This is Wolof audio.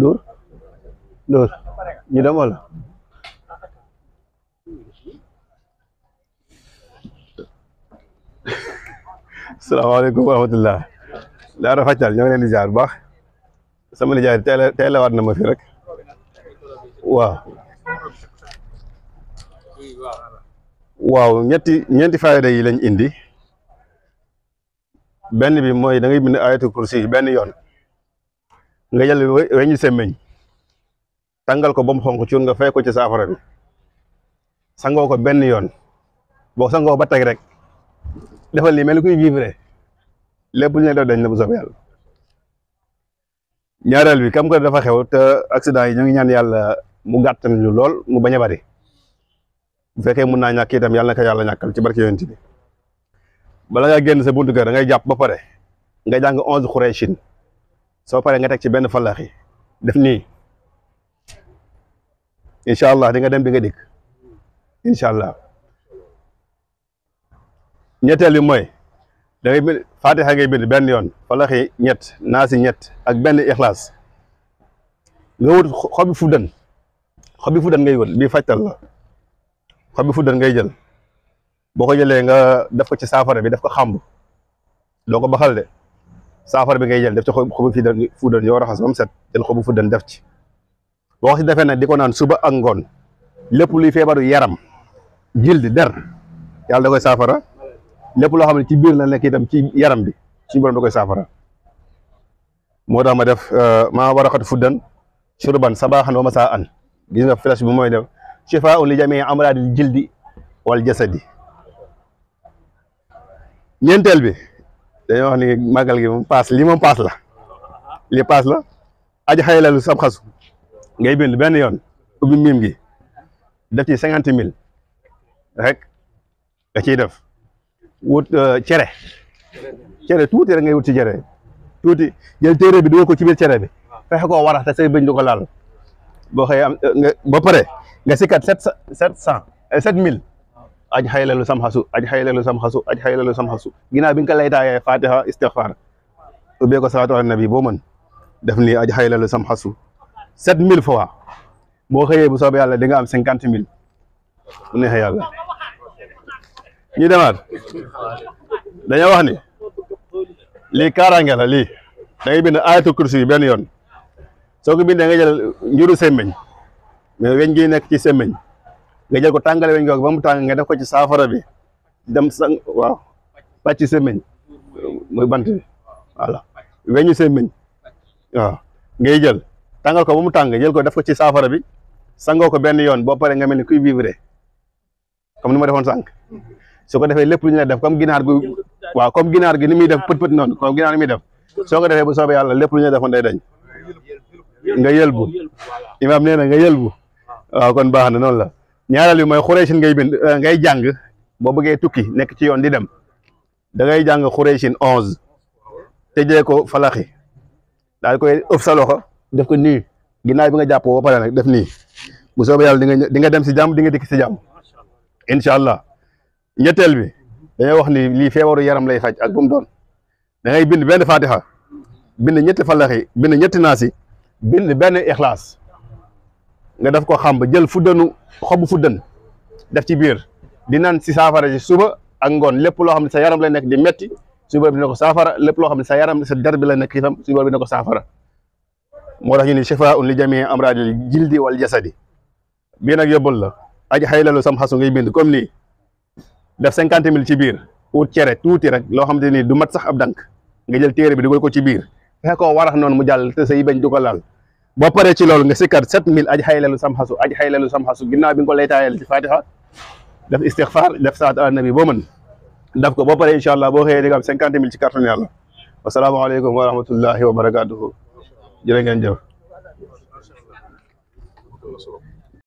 dóor dóor ñu dem wala salaamaaleykum wa rahmatullah daara fàccal ñoo jaar bu baax sama nijaay teel a teel a na ma fi rek waaw waaw ñetti ñeenti fayda yi lañ indi benn bi mooy da ngay bind ayatul kursi benn yoon nga jël weñu semmeñ tàngal ko ba mu xonq cuun nga fay ko ci saafara bi sangoo ko benn yoon boo sangoo ba teg rek defal lii mel ni kuy vivre lépp lu ñu def dañ na bu soobee yàlla ñaareel bi kam ko dafa xew te accident yi ñu ngi ñaan yàlla mu gàttan ñu lool mu bañ a bari bu fekkee mun naa ñàkk itam yàlla na ko yàlla ñàkkal ci barke yonent bi bala nga génn sa buntu kër da ngay jàpp ba pare nga jàng onze xureeshin soo paree nga tek ci benn falaax def nii incha allah di nga dem bi nga dikk incha allah ñetteel bi mooy da ngay bind fatiha ngay bind benn yoon falaax ñett naas ñett ak benn ixlaas nga wut xobi fudan xobi fudan ngay wut bii fajtal la xobi fudan ngay jël boo ko jëlee nga def ko ci saafara bi def ko xàmb doo ko baxal de saafara bi ngay jël def ci xobu fi dan fudan yoo raxas ba mu set jël xobu fudan def ci boo si defee nag di ko naan suba ak ngoon lépp luy feebaru yaram jildi der yàlla da koy saafara lépp loo xam ne ci biir la nekk itam ci yaram bi suñu borom da koy saafara moo tax ma def euh, maa waraqat fuddan surban sabaaxan wa masaan gis nga flash bi mooy def shifaa'un li jamii amraadil jildi wal jasadi ñeenteel bi dañoo ni màggal gi moom paas lii moom paas la lii paas la aji xayalalu sab xasu ngay bind benn yoon ubbi miim gi def ci cinquante mille rek da ciy def wut euh, cere cere tuuti rek ngay wut ci cere tuuti jël téere bi dugal ko ci biir cere bi fexe koo warax te say bëñ du ko laal boo xëyee am nga ba pare nga sikkat sept sept cent euh, sept mille aj xaylalu samxasu aj xaylalu samxasu aj xaylalu samxasu ginnaaw bi nga ko laytaayee fatiha istixfaar ubbee ko salaatu ala nabi boo mën def nii aj xaylalu samxasu sept mille fois boo xëyee bu soobee yàlla di nga am cinquante mille bu neexee yàlla ñu demaat dañoo wax ni lii kaaraange a lii da ngay bind ayatul kursi benn yoon soo ko bindee nga jël njuru semmeñ mais weñ gi nekk ci semmeñ nga jël ko tàngale weñ googu ba mu tàng nga def ko ci saafara bi dem sang waaw pàcc semiñ muy bant bi voilà weñu semiñ waaw ngay jël tàngal ko ba mu tàng jël ko def ko ci saafara bi sangoo ko benn yoon boo paree nga mel ni kuy vivre comme ni ma defoon sànq su ko defee lépp lu ñu la def comme ginaar gu waaw comme ginaar gi ni muy def pët pët noonu comme ginaar ni muy def soo ko defee bu soobee yàlla lépp lu ñu la defoon day dañ nga yëlbu imaam nee na nga yëlbu waaw kon baax na noonu la ñaareel bi mooy xureesin ngay bind euh, ngay jàng boo bëggee tukki nekk ci yoon di dem da ngay jàng xureesin onze tëjee ko falaxi daal koy ëf sa loxo def ko nii ginnaaw bi nga jàppoo ba pare nag def nii bu soobee yàlla di nga di nga dem si jàmm di nga dikk si jàmm incha allah ñetteel bi dañoo wax ni lii feebaru yaram lay faj ak bu mu doon da ngay bind benn fatiha bind ñetti falaxi bind ñetti naasi bind benn ixlaas nga daf ko xam ba jël fuddanu xobu fuddan daf ci bir di nan ci safara ci suba ak ngone lépp lo xamni sa yaram la nek di metti suba bi nako safara lépp lo xamni sa yaram sa der bi la nek itam suba bi nako safara mo tax ni shifaa'un li jamii amraadil jildi wal jasadi bi nak yobul la aji haylalu sam hasu ngay bind comme ni def 50000 ci bir ou tiere touti rek lo xamni du mat sax ab dank nga jël téré bi dugal ko ci bir fexe koo warax non mu jàll te sey bañ du ko lal boo paree ci loolu nga sikkar sept mille aj xaylalu samxasu aj xaylalu samxasu ginnaaw bi nga ko laytaayal ci fatiha def istixfar def saat annabi boo mën daf ko boo paree incha allah boo xëyee di nga am cinquante mille ci carton yàlla wasalaamaaleykum wa rahmatullahi wa barakaatuhu jërë ngeen jëf